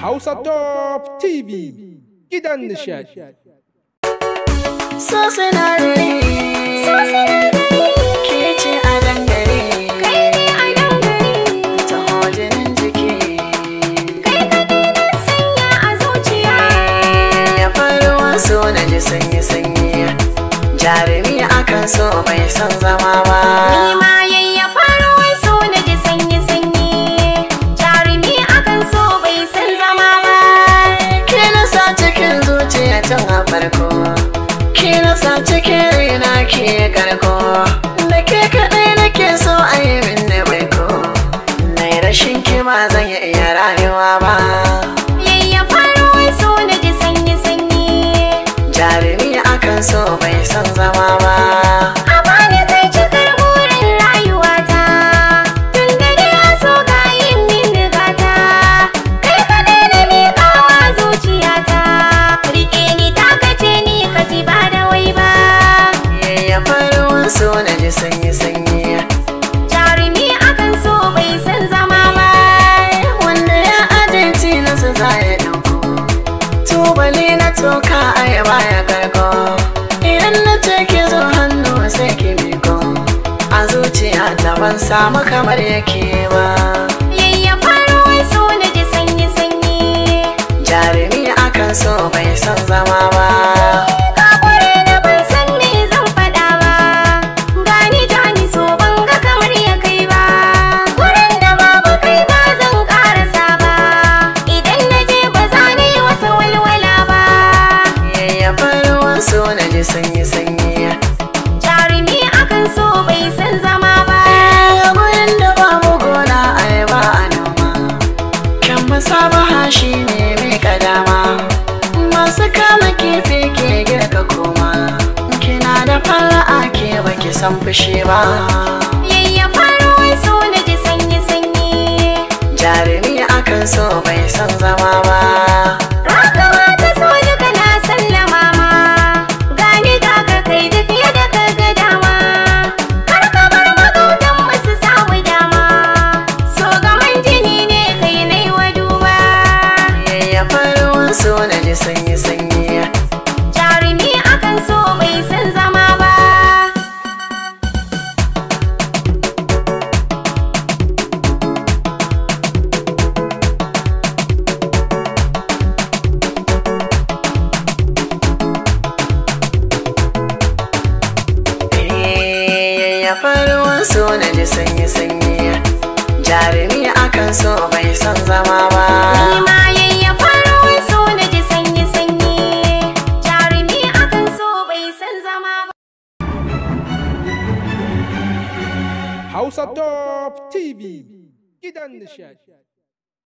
Hausa Top TV gidan nishadi. So sinadari, so sinadari, a dangare, kai jiki, kai ka sanya a zuciya. Ya faruwa so na ji sanyi-sanyi, jarumi akan so bai san zama ba. garko ki na sa cikin rina ki garko da ke kaɗa bali na tsoka ayaba ya karko idan na ce ki zo hannu sai ki miko a zuciya ta ban samu kamar yake ba jarumi akan so bai san zama ba gurin eh, da mu gona ai ba a nama. kan masabaha Hashi ne mai kadama masu kama kifi ke girka koma kina da fara'a ke baki san fushi ba jarumi akan so bai san zama ba ji sanyi sanyi jarumi akan so bai san zama ba faruwan eh, so na ji sanyi sanyi jarumi akan so bai san zama Hausa Top TV gidan